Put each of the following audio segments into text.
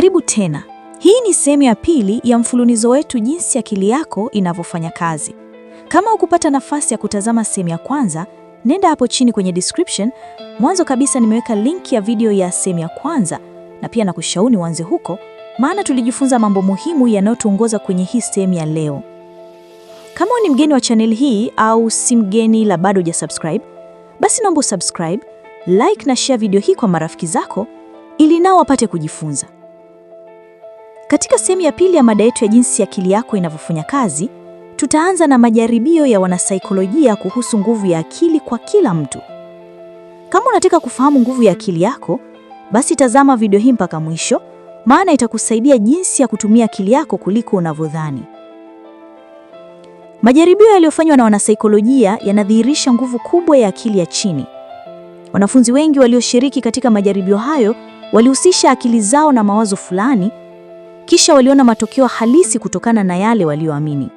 Karibu tena. Hii ni sehemu ya pili ya mfululizo wetu jinsi akili yako inavyofanya kazi. Kama ukupata nafasi ya kutazama sehemu ya kwanza, nenda hapo chini kwenye description. Mwanzo kabisa nimeweka link ya video ya sehemu ya kwanza, na pia nakushauri uanze huko, maana tulijifunza mambo muhimu yanayotuongoza kwenye hii sehemu ya leo. Kama ni mgeni wa channel hii au si mgeni la bado hujasubscribe, basi naomba subscribe, like na share video hii kwa marafiki zako ili nao wapate kujifunza. Katika sehemu ya pili ya mada yetu ya jinsi akili yako inavyofanya kazi, tutaanza na majaribio ya wanasaikolojia kuhusu nguvu ya akili kwa kila mtu. Kama unataka kufahamu nguvu ya akili yako, basi tazama video hii mpaka mwisho, maana itakusaidia jinsi ya kutumia akili yako kuliko unavyodhani. Majaribio yaliyofanywa na wanasaikolojia yanadhihirisha nguvu kubwa ya akili ya chini. Wanafunzi wengi walioshiriki katika majaribio hayo walihusisha akili zao na mawazo fulani kisha waliona matokeo halisi kutokana na yale walioamini.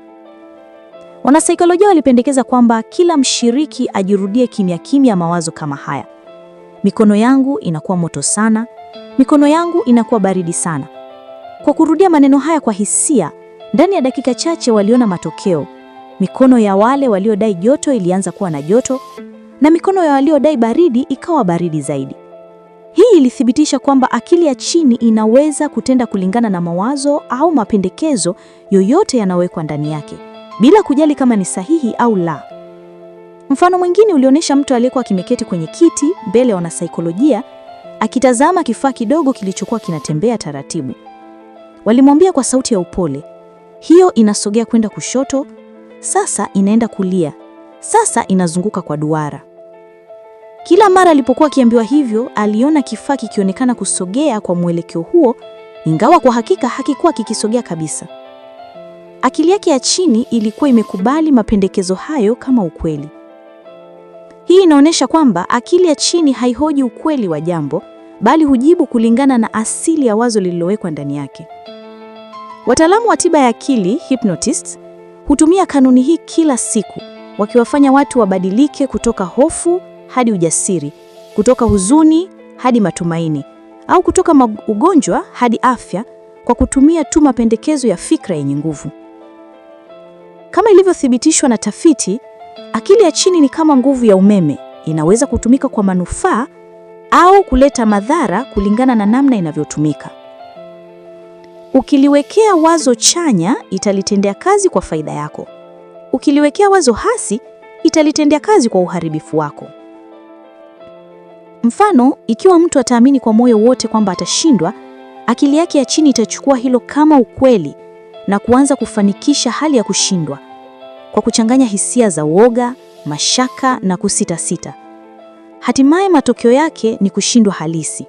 Wanasaikolojia walipendekeza kwamba kila mshiriki ajirudie kimya kimya mawazo kama haya: mikono yangu inakuwa moto sana, mikono yangu inakuwa baridi sana. Kwa kurudia maneno haya kwa hisia, ndani ya dakika chache waliona matokeo. Mikono ya wale waliodai joto ilianza kuwa na joto na mikono ya waliodai baridi ikawa baridi zaidi. Hii ilithibitisha kwamba akili ya chini inaweza kutenda kulingana na mawazo au mapendekezo yoyote yanawekwa ndani yake bila kujali kama ni sahihi au la. Mfano mwingine ulionyesha mtu aliyekuwa kimeketi kwenye kiti mbele ya wanasaikolojia akitazama kifaa kidogo kilichokuwa kinatembea taratibu. Walimwambia kwa sauti ya upole, hiyo inasogea kwenda kushoto, sasa inaenda kulia, sasa inazunguka kwa duara. Kila mara alipokuwa akiambiwa hivyo, aliona kifaa kikionekana kusogea kwa mwelekeo huo, ingawa kwa hakika hakikuwa kikisogea kabisa. Akili yake ya chini ilikuwa imekubali mapendekezo hayo kama ukweli. Hii inaonyesha kwamba akili ya chini haihoji ukweli wa jambo, bali hujibu kulingana na asili ya wazo lililowekwa ndani yake. Wataalamu wa tiba ya akili hypnotists hutumia kanuni hii kila siku, wakiwafanya watu wabadilike kutoka hofu hadi ujasiri, kutoka huzuni hadi matumaini, au kutoka ugonjwa hadi afya, kwa kutumia tu mapendekezo ya fikra yenye nguvu. Kama ilivyothibitishwa na tafiti, akili ya chini ni kama nguvu ya umeme, inaweza kutumika kwa manufaa au kuleta madhara kulingana na namna inavyotumika. Ukiliwekea wazo chanya, italitendea kazi kwa faida yako. Ukiliwekea wazo hasi, italitendea kazi kwa uharibifu wako. Mfano, ikiwa mtu ataamini kwa moyo wote kwamba atashindwa, akili yake ya chini itachukua hilo kama ukweli na kuanza kufanikisha hali ya kushindwa kwa kuchanganya hisia za woga, mashaka na kusitasita. Hatimaye matokeo yake ni kushindwa halisi.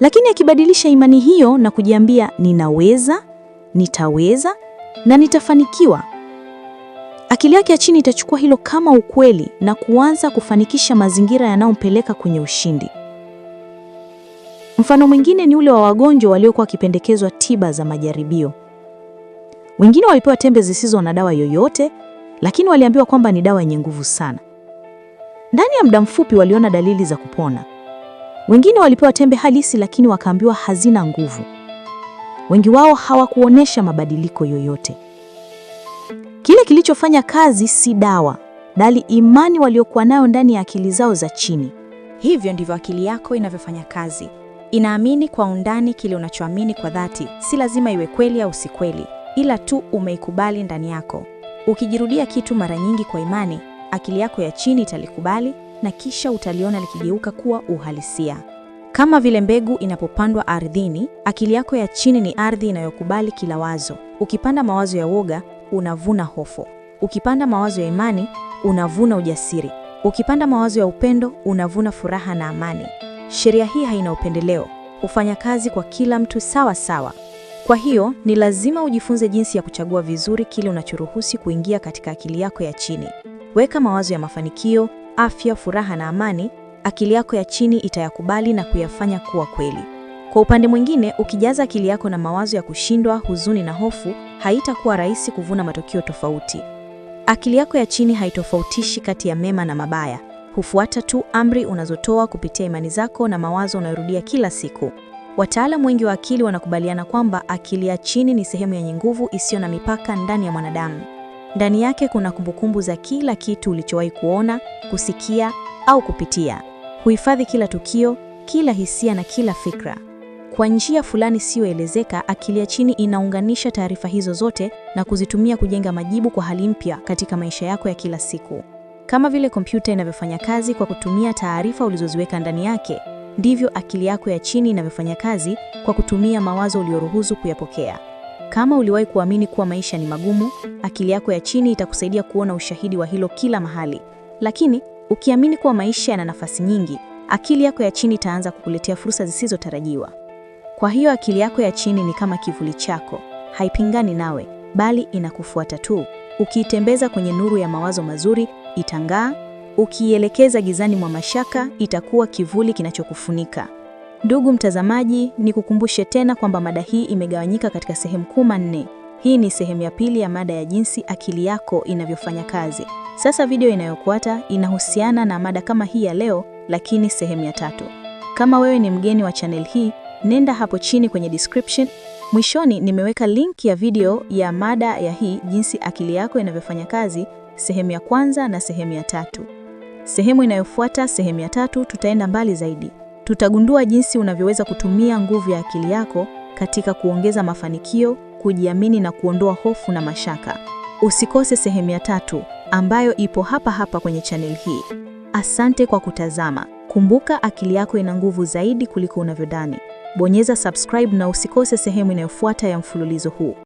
Lakini akibadilisha imani hiyo na kujiambia ninaweza, nitaweza na nitafanikiwa, Akili yake ya chini itachukua hilo kama ukweli na kuanza kufanikisha mazingira yanayompeleka kwenye ushindi. Mfano mwingine ni ule wa wagonjwa waliokuwa wakipendekezwa tiba za majaribio. Wengine walipewa tembe zisizo na dawa yoyote, lakini waliambiwa kwamba ni dawa yenye nguvu sana. Ndani ya muda mfupi waliona dalili za kupona. Wengine walipewa tembe halisi, lakini wakaambiwa hazina nguvu. Wengi wao hawakuonesha mabadiliko yoyote. Kile kilichofanya kazi si dawa, bali imani waliokuwa nayo ndani ya akili zao za chini. Hivyo ndivyo akili yako inavyofanya kazi. Inaamini kwa undani kile unachoamini kwa dhati. Si lazima iwe kweli au si kweli, ila tu umeikubali ndani yako. Ukijirudia kitu mara nyingi kwa imani, akili yako ya chini italikubali na kisha utaliona likigeuka kuwa uhalisia. Kama vile mbegu inapopandwa ardhini, akili yako ya chini ni ardhi inayokubali kila wazo. Ukipanda mawazo ya woga, unavuna hofu. Ukipanda mawazo ya imani, unavuna ujasiri. Ukipanda mawazo ya upendo, unavuna furaha na amani. Sheria hii haina upendeleo, hufanya kazi kwa kila mtu sawa sawa. Kwa hiyo ni lazima ujifunze jinsi ya kuchagua vizuri kile unachoruhusi kuingia katika akili yako ya chini. Weka mawazo ya mafanikio, afya, furaha na amani. Akili yako ya chini itayakubali na kuyafanya kuwa kweli. Kwa upande mwingine, ukijaza akili yako na mawazo ya kushindwa, huzuni na hofu haitakuwa rahisi kuvuna matokeo tofauti. Akili yako ya chini haitofautishi kati ya mema na mabaya, hufuata tu amri unazotoa kupitia imani zako na mawazo unayorudia kila siku. Wataalamu wengi wa akili wanakubaliana kwamba akili ya chini ni sehemu yenye nguvu isiyo na mipaka ndani ya mwanadamu. Ndani yake kuna kumbukumbu za kila kitu ulichowahi kuona, kusikia au kupitia. Huhifadhi kila tukio, kila hisia na kila fikra. Kwa njia fulani siyoelezeka, akili ya chini inaunganisha taarifa hizo zote na kuzitumia kujenga majibu kwa hali mpya katika maisha yako ya kila siku. Kama vile kompyuta inavyofanya kazi kwa kutumia taarifa ulizoziweka ndani yake, ndivyo akili yako ya chini inavyofanya kazi kwa kutumia mawazo ulioruhusu kuyapokea. Kama uliwahi kuamini kuwa maisha ni magumu, akili yako ya chini itakusaidia kuona ushahidi wa hilo kila mahali. Lakini ukiamini kuwa maisha yana nafasi nyingi, akili yako ya chini itaanza kukuletea fursa zisizotarajiwa. Kwa hiyo akili yako ya chini ni kama kivuli chako, haipingani nawe, bali inakufuata tu. Ukiitembeza kwenye nuru ya mawazo mazuri, itang'aa. Ukiielekeza gizani mwa mashaka, itakuwa kivuli kinachokufunika. Ndugu mtazamaji, nikukumbushe tena kwamba mada hii imegawanyika katika sehemu kuu nne. Hii ni sehemu ya pili ya mada ya jinsi akili yako inavyofanya kazi. Sasa video inayokuata inahusiana na mada kama hii ya leo, lakini sehemu ya tatu. Kama wewe ni mgeni wa channel hii, nenda hapo chini kwenye description. Mwishoni nimeweka link ya video ya mada ya hii, jinsi akili yako inavyofanya kazi, sehemu ya kwanza na sehemu ya tatu. Sehemu inayofuata, sehemu ya tatu, tutaenda mbali zaidi. Tutagundua jinsi unavyoweza kutumia nguvu ya akili yako katika kuongeza mafanikio, kujiamini na kuondoa hofu na mashaka. Usikose sehemu ya tatu ambayo ipo hapa hapa kwenye channel hii. Asante kwa kutazama. Kumbuka, akili yako ina nguvu zaidi kuliko unavyodhani. Bonyeza subscribe na usikose sehemu inayofuata ya mfululizo huu.